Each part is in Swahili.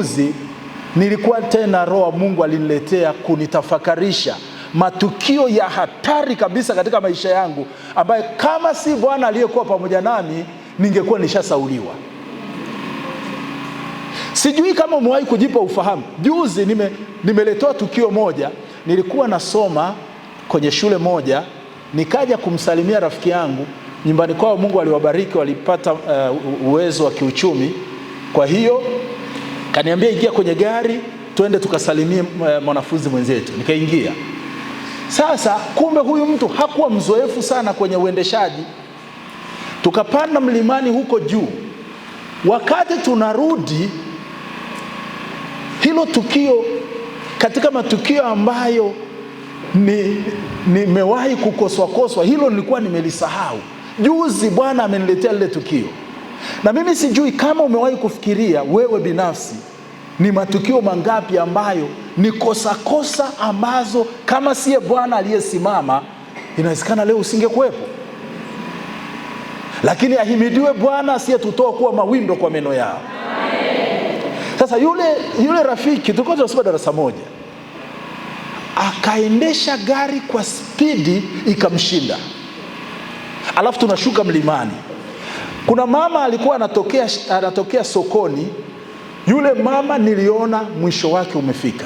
juzi nilikuwa tena, roho wa Mungu aliniletea kunitafakarisha matukio ya hatari kabisa katika maisha yangu, ambayo kama si Bwana aliyekuwa pamoja nami ningekuwa nishasauliwa. Sijui kama umewahi kujipa ufahamu. Juzi nime, nimeletewa tukio moja, nilikuwa nasoma kwenye shule moja, nikaja kumsalimia rafiki yangu nyumbani kwao. Mungu aliwabariki, walipata uh, uwezo wa kiuchumi, kwa hiyo kaniambia ingia kwenye gari twende tukasalimie eh, mwanafunzi mwenzetu. Nikaingia. Sasa kumbe huyu mtu hakuwa mzoefu sana kwenye uendeshaji. Tukapanda mlimani huko juu. Wakati tunarudi, hilo tukio katika matukio ambayo nimewahi ni kukosoakoswa, hilo nilikuwa nimelisahau. Juzi bwana ameniletea lile tukio. Na mimi sijui kama umewahi kufikiria wewe binafsi ni matukio mangapi ambayo ni kosa kosa ambazo kama siye Bwana aliyesimama inawezekana leo usingekuwepo. Lakini ahimidiwe Bwana asiyetutoa kuwa mawindo kwa meno yao. Sasa yule, yule rafiki tulikuwa tunasoma darasa moja akaendesha gari kwa spidi ikamshinda, alafu tunashuka mlimani kuna mama alikuwa anatokea, anatokea sokoni. Yule mama niliona mwisho wake umefika,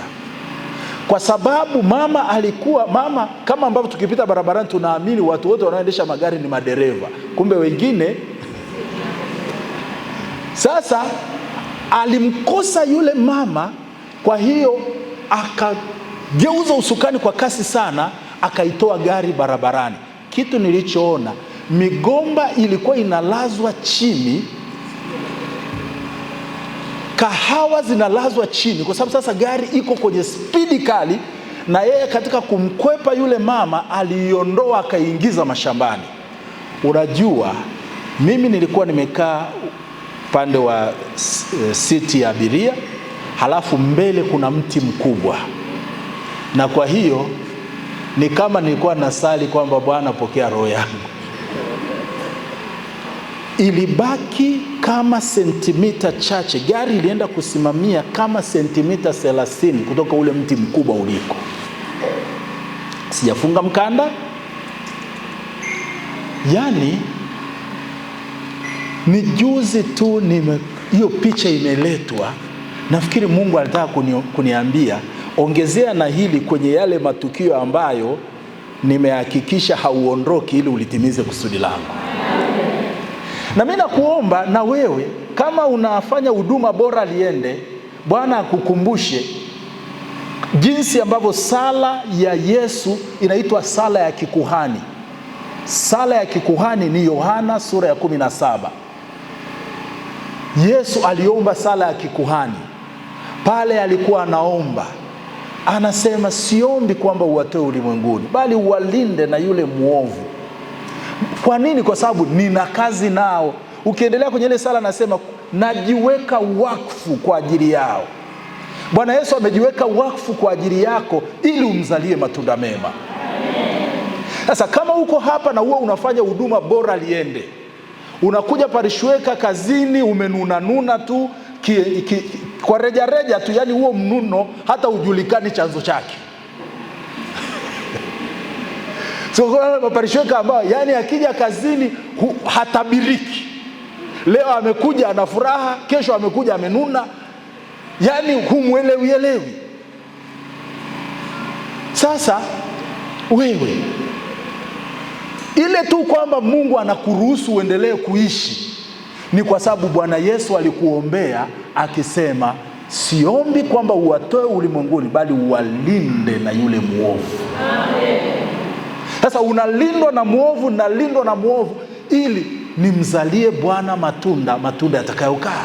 kwa sababu mama alikuwa mama, kama ambavyo tukipita barabarani tunaamini watu wote wanaoendesha magari ni madereva, kumbe wengine. Sasa alimkosa yule mama, kwa hiyo akageuza usukani kwa kasi sana, akaitoa gari barabarani. Kitu nilichoona migomba ilikuwa inalazwa chini, kahawa zinalazwa chini, kwa sababu sasa gari iko kwenye spidi kali, na yeye katika kumkwepa yule mama aliiondoa akaingiza mashambani. Unajua, mimi nilikuwa nimekaa upande wa siti eh, ya abiria, halafu mbele kuna mti mkubwa, na kwa hiyo ni kama nilikuwa nasali kwamba Bwana, pokea roho yangu ilibaki kama sentimita chache, gari ilienda kusimamia kama sentimita 30 kutoka ule mti mkubwa uliko. Sijafunga mkanda, yaani ni juzi tu hiyo picha imeletwa. Nafikiri Mungu anataka kuni, kuniambia ongezea na hili kwenye yale matukio ambayo nimehakikisha hauondoki, ili ulitimize kusudi langu. Na mimi nakuomba na wewe, kama unafanya huduma bora liende, Bwana akukumbushe jinsi ambavyo sala ya Yesu inaitwa sala ya kikuhani. Sala ya kikuhani ni Yohana sura ya saba Yesu aliomba sala ya kikuhani pale, alikuwa anaomba anasema, siombi kwamba uwatoe ulimwenguni, bali uwalinde na yule mwovu. Kwa nini? Kwa sababu nina kazi nao. Ukiendelea kwenye ile sala, nasema najiweka wakfu kwa ajili yao. Bwana Yesu amejiweka wakfu kwa ajili yako ili umzalie matunda mema. Sasa kama uko hapa na huwa unafanya huduma bora liende, unakuja parishweka kazini, umenunanuna tu ki, ki, kwa rejareja tu, yani huo mnuno hata hujulikani chanzo chake so, maparishweka ambayo yani akija kazini hatabiriki. Leo amekuja ana furaha, kesho amekuja amenuna, yani humwelewielewi. Sasa wewe ile tu kwamba Mungu anakuruhusu uendelee kuishi ni kwa sababu Bwana Yesu alikuombea akisema, siombi kwamba uwatoe ulimwenguni, bali uwalinde na yule mwovu. Amen. Sasa unalindwa na mwovu, nalindwa na mwovu ili nimzalie Bwana matunda, matunda yatakayokaa